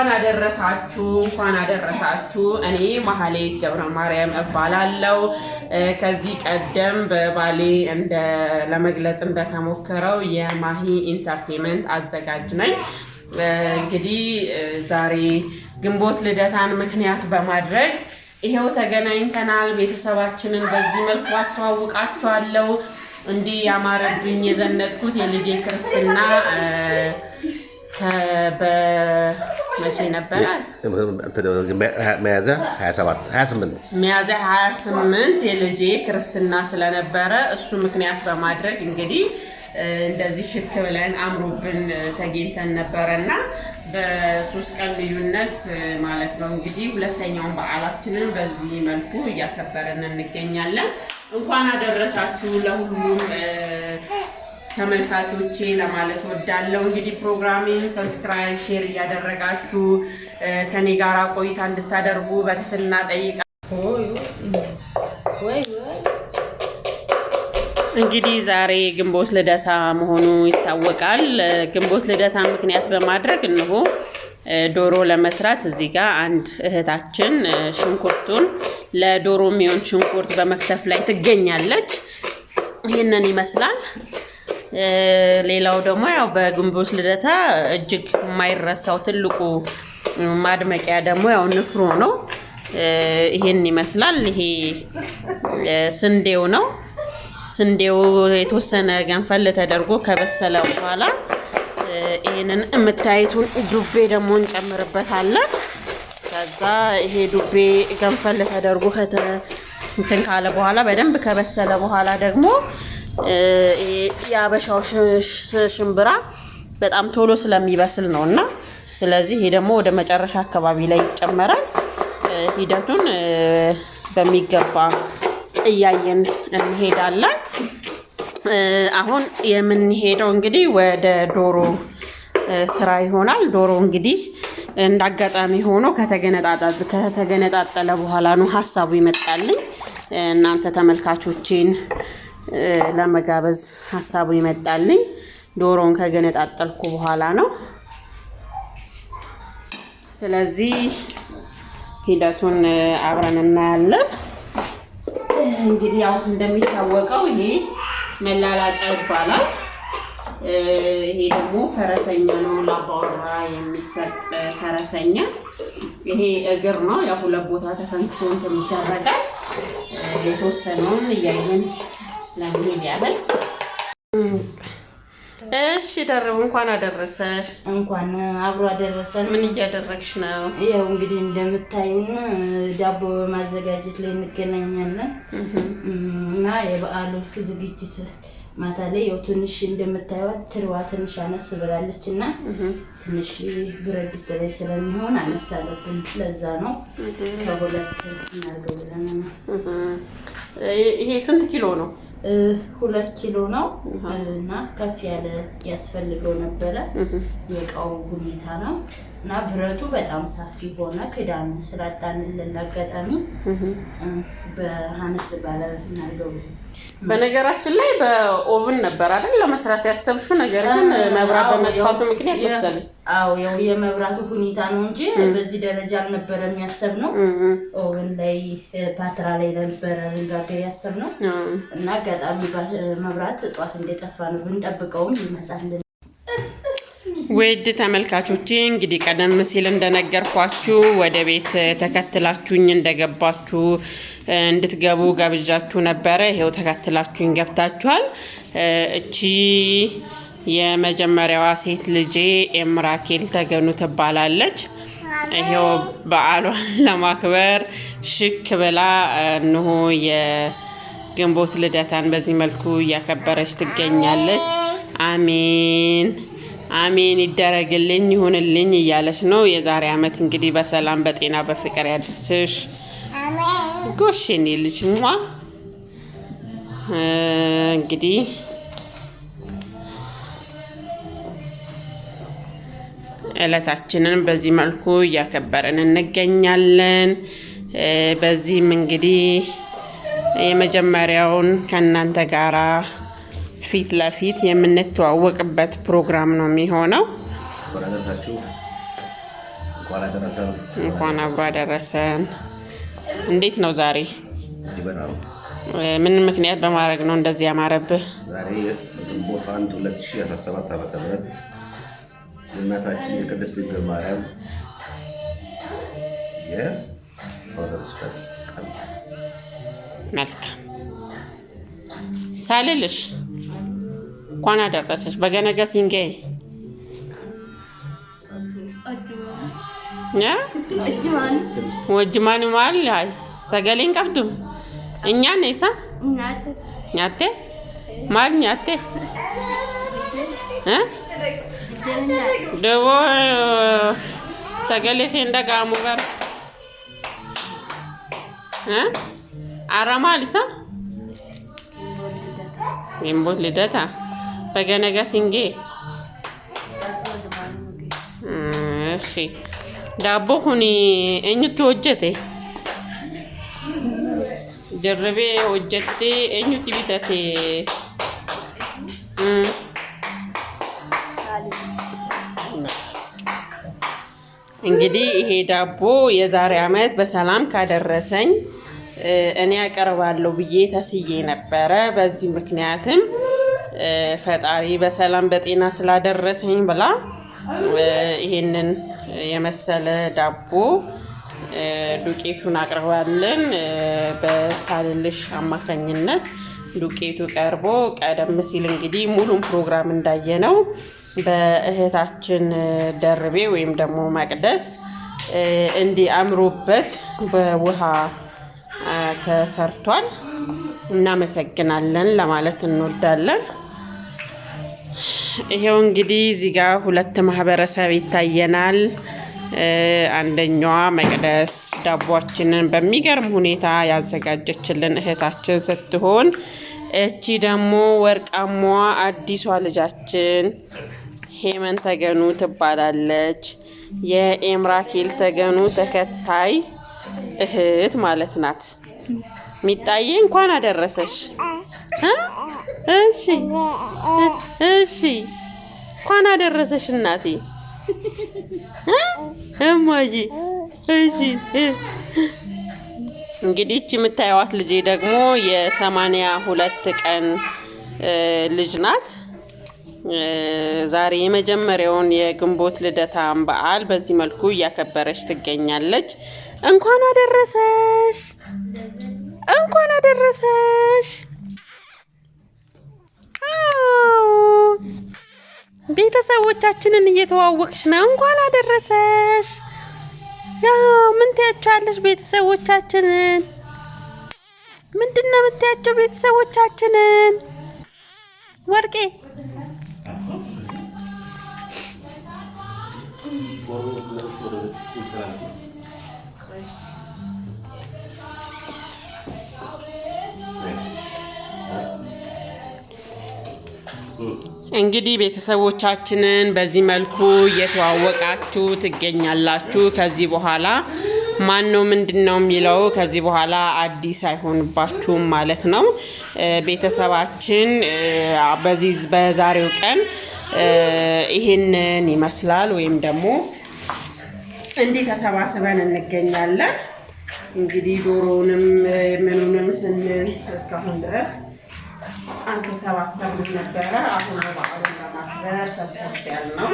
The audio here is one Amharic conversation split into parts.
እንኳን አደረሳችሁ እንኳን አደረሳችሁ። እኔ ማህሌት ገብረ ማርያም እባላለሁ። ከዚህ ቀደም በባሌ እንደ ለመግለጽ እንደተሞከረው የማሂ ኢንተርቴንመንት አዘጋጅ ነኝ። እንግዲህ ዛሬ ግንቦት ልደታን ምክንያት በማድረግ ይሄው ተገናኝተናል። ቤተሰባችንን በዚህ መልኩ አስተዋውቃችኋለሁ። እንዲህ ያማረብኝ የዘነጥኩት የልጄ ክርስትና መቼ ነበረ? ሚያዝያ 28 ሚያዝያ 28 የልጄ ክርስትና ስለነበረ እሱ ምክንያት በማድረግ እንግዲህ እንደዚህ ሽክ ብለን አምሮብን ተገኝተን ነበረ እና በሶስት ቀን ልዩነት ማለት ነው እንግዲህ ሁለተኛውን በዓላችንን በዚህ መልኩ እያከበረን እንገኛለን። እንኳን አደረሳችሁ ለሁሉም ተመልካቾቼ ለማለት ወዳለው እንግዲህ ፕሮግራሜን ሰብስክራይብ፣ ሼር እያደረጋችሁ ከኔ ጋር ቆይታ እንድታደርጉ በትህትና ጠይቃ እንግዲህ ዛሬ ግንቦት ልደታ መሆኑ ይታወቃል። ግንቦት ልደታ ምክንያት በማድረግ እንሆ ዶሮ ለመስራት እዚህ ጋር አንድ እህታችን ሽንኩርቱን ለዶሮ የሚሆን ሽንኩርት በመክተፍ ላይ ትገኛለች። ይህንን ይመስላል። ሌላው ደግሞ ያው በግንቦት ልደታ እጅግ የማይረሳው ትልቁ ማድመቂያ ደግሞ ያው ንፍሮ ነው። ይሄን ይመስላል። ይሄ ስንዴው ነው። ስንዴው የተወሰነ ገንፈል ተደርጎ ከበሰለ በኋላ ይሄንን የምታዩትን ዱቤ ደግሞ እንጨምርበታለን። ከዛ ይሄ ዱቤ ገንፈል ተደርጎ እንትን ካለ በኋላ በደንብ ከበሰለ በኋላ ደግሞ የአበሻው ሽምብራ በጣም ቶሎ ስለሚበስል ነው እና ስለዚህ ይሄ ደግሞ ወደ መጨረሻ አካባቢ ላይ ይጨመራል። ሂደቱን በሚገባ እያየን እንሄዳለን። አሁን የምንሄደው እንግዲህ ወደ ዶሮ ስራ ይሆናል። ዶሮ እንግዲህ እንዳጋጣሚ ሆኖ ከተገነጣጠለ በኋላ ነው ሀሳቡ ይመጣልኝ እናንተ ተመልካቾችን ለመጋበዝ ሀሳቡ ይመጣልኝ። ዶሮውን ከገነጣጠልኩ በኋላ ነው። ስለዚህ ሂደቱን አብረን እናያለን። እንግዲህ ያው እንደሚታወቀው ይሄ መላላጫ ይባላል። ይሄ ደግሞ ፈረሰኛ ነው። ለአባወራ የሚሰጥ ፈረሰኛ። ይሄ እግር ነው። ያው ሁለት ቦታ ተፈንክቶ እንትን ይደረጋል። የተወሰነውን እያየን እሺ ደርብ እንኳን አደረሰሽ። እንኳን አብሮ አደረሰን። ምን እያደረግሽ ነው? ያው እንግዲህ እንደምታዩን ዳቦ በማዘጋጀት ላይ እንገናኛለን እና የበዓሉ ዝግጅት ማታ ላይ ያው ትንሽ እንደምታዩት ትርዋ ትንሽ አነስ ብላለች እና ትንሽ ብረት ድስት ላይ ስለሚሆን አነስ አለብን። ለዛ ነው ከሁለት እናርገው ብለን ነው። ይሄ ስንት ኪሎ ነው? ሁለት ኪሎ ነው እና ከፍ ያለ ያስፈልገው ነበረ። የእቃው ሁኔታ ነው። እና ብረቱ በጣም ሰፊ ሆነ። ክዳን ስላጣንልን አጋጣሚ በአነስ ባለ በነገራችን ላይ በኦቭን ነበር አይደል ለመስራት ያሰብሹ፣ ነገር ግን መብራት በመጥፋቱ ምክንያት መሰለኝ። አዎ ያው የመብራቱ ሁኔታ ነው እንጂ በዚህ ደረጃ አልነበረ የሚያሰብ ነው። ኦቭን ላይ ፓትራ ላይ ነበረ ልንጋገር ያሰብ ነው እና አጋጣሚ መብራት እጧት እንደጠፋ ነው ብንጠብቀውም ይመጣል ውድ ተመልካቾቼ እንግዲህ ቀደም ሲል እንደነገርኳችሁ ወደ ቤት ተከትላችሁኝ እንደገባችሁ እንድትገቡ ገብዣችሁ ነበረ። ይሄው ተከትላችሁኝ ገብታችኋል። እቺ የመጀመሪያዋ ሴት ልጄ ኤምራኬል ተገኑ ትባላለች። ይሄው በዓሏን ለማክበር ሽክ ብላ እንሆ የግንቦት ልደታን በዚህ መልኩ እያከበረች ትገኛለች። አሜን አሜን ይደረግልኝ ይሁንልኝ እያለች ነው። የዛሬ ዓመት እንግዲህ በሰላም በጤና በፍቅር ያድርስሽ ጎሽ የኔ ልጅ ሟ እንግዲህ እለታችንን በዚህ መልኩ እያከበርን እንገኛለን። በዚህም እንግዲህ የመጀመሪያውን ከእናንተ ጋራ ፊት ለፊት የምንተዋወቅበት ፕሮግራም ነው የሚሆነው። እንኳን አብሮ አደረሰን። እንዴት ነው ዛሬ? ምን ምክንያት በማድረግ ነው እንደዚህ ያማረብህ? ዛሬ ግንቦት አንድ 2017 ዓ ም የቅድስት ድንግል ማርያም መልካም ሳልልሽ እንኳን አደረሰች። በገነገ ሲንጌ ወጅማን ማል አይ ሰገሌን ቀብዱ እኛ ነይሳ ኛቴ ማል ኛቴ ደቦ ሰገሌ ፌንዳ ጋሙ በር አራማ አሊሳ ሜምቦት ልደታ በገነጋ ሲንጌ እሺ ዳቦ ኩኒ ኤኙቲ ሆጀቴ ድርቤ ሆጀቴ ኤኙቲ ቢተቴ እንግዲህ ይሄ ዳቦ የዛሬ ዓመት በሰላም ካደረሰኝ እኔ ያቀርባለሁ ብዬ ተስዬ ነበረ። በዚህ ምክንያትም ፈጣሪ በሰላም በጤና ስላደረሰኝ ብላ ይህንን የመሰለ ዳቦ ዱቄቱን አቅርባለን። በሳልልሽ አማካኝነት ዱቄቱ ቀርቦ ቀደም ሲል እንግዲህ ሙሉም ፕሮግራም እንዳየነው በእህታችን ደርቤ ወይም ደግሞ መቅደስ እንዲህ አምሮበት በውሃ ተሰርቷል። እናመሰግናለን ለማለት እንወዳለን። ይሄው እንግዲህ እዚህ ጋር ሁለት ማህበረሰብ ይታየናል። አንደኛዋ መቅደስ ዳቧችንን በሚገርም ሁኔታ ያዘጋጀችልን እህታችን ስትሆን እቺ ደግሞ ወርቃማዋ አዲሷ ልጃችን ሄመን ተገኑ ትባላለች። የኤምራኬል ተገኑ ተከታይ እህት ማለት ናት። ሚጣዬ እንኳን አደረሰሽ። እሺ እሺ፣ እንኳን አደረሰሽ እናቴ እማዬ። እሺ እንግዲህ እቺ የምታዩዋት ልጄ ደግሞ የሰማንያ ሁለት ቀን ልጅ ናት። ዛሬ የመጀመሪያውን የግንቦት ልደታን በዓል በዚህ መልኩ እያከበረች ትገኛለች። እንኳን አደረሰሽ፣ እንኳን አደረሰሽ። ቤተሰቦቻችንን እየተዋወቅሽ ነው። እንኳን አደረሰሽ። ምን ትያቸዋለሽ? ቤተሰቦቻችንን ምንድን ነው የምትያቸው? ቤተሰቦቻችንን ወርቄ እንግዲህ ቤተሰቦቻችንን በዚህ መልኩ እየተዋወቃችሁ ትገኛላችሁ። ከዚህ በኋላ ማን ነው ምንድን ነው የሚለው ከዚህ በኋላ አዲስ አይሆንባችሁም ማለት ነው። ቤተሰባችን በዚህ በዛሬው ቀን ይህንን ይመስላል። ወይም ደግሞ እንዲህ ተሰባስበን እንገኛለን። እንግዲህ ዶሮውንም ምኑንም ስንል እስካሁን ድረስ አልተሰባሰብ ነበረ። አሁን በዓሉን ለማክበር ሰብሰብ ያልነው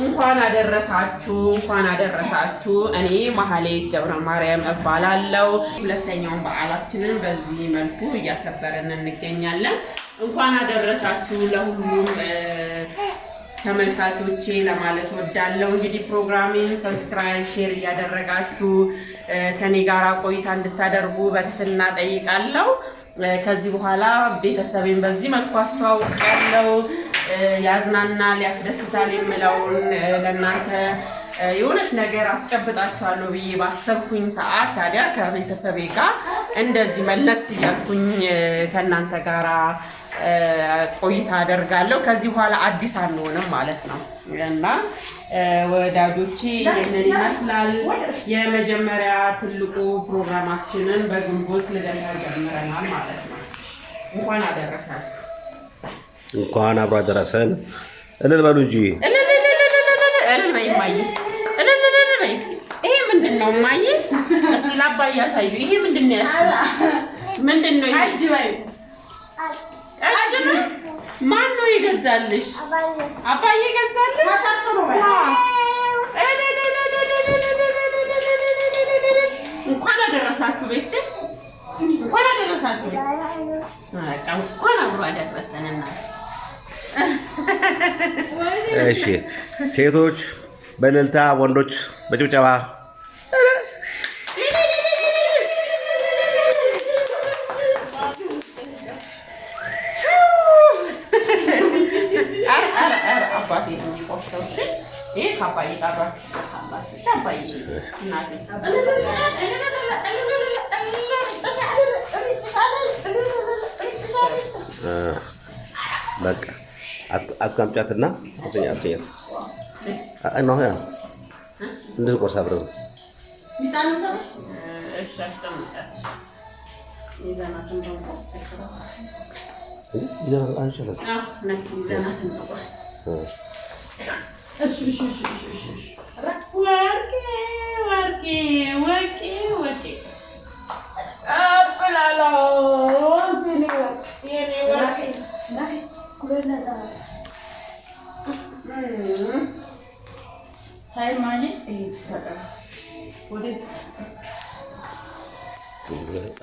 እንኳን አደረሳችሁ እንኳን አደረሳችሁ። እኔ ማህሌት ገብረ ማርያም እባላለሁ። ሁለተኛውን በዓላችንን በዚህ መልኩ እያከበርን እንገኛለን። እንኳን አደረሳችሁ ለሁሉም ተመልካቾቼ ለማለት ወዳለው እንግዲህ ፕሮግራሜን ሰብስክራይብ፣ ሼር እያደረጋችሁ ከኔ ጋር ቆይታ እንድታደርጉ በትህትና ጠይቃለሁ። ከዚህ በኋላ ቤተሰቤን በዚህ መልኩ አስተዋውቃለሁ። ያዝናናል፣ ያስደስታል የምለውን ለእናንተ የሆነች ነገር አስጨብጣችኋለሁ ብዬ ባሰብኩኝ ሰዓት ታዲያ ከቤተሰቤ ጋር እንደዚህ መለስ እያልኩኝ ከእናንተ ጋራ ቆይታ አደርጋለሁ። ከዚህ በኋላ አዲስ አንሆንም ማለት ነው እና ወዳጆች ይህንን ይመስላል የመጀመሪያ ትልቁ ፕሮግራማችንን በግንቦት ልደታ ጀምረናል ማለት ነው። እንኳን አደረሳችሁ። እንኳን አብሮ አደረሰን። እልል በሉ እንጂ እልል በይ እማዬ፣ እልል በይ። ይሄ ምንድን ነው እማዬ? እስኪ ላባ እያሳዩ ይሄ ምንድን ነው? ምንድን ነው? ማን ነው የገዛልሽ? አባዬ ገዛልሽ? እንኳን አደረሳችሁ ቤስቴ፣ እንኳን አደረሳችሁ። እንኳን አብሮ አደረሰንና እሺ። ሴቶች በእልልታ ወንዶች በጭብጨባ አባቴ ነው የሚቆርሰው። እሺ ይሄ ካባዬ ጣራችሁ ካላችሁ አባዬ እናቴ በቃ አስቀምጫትና አሰኛ አሰኛት ነው ያ እንደዚህ ወዴት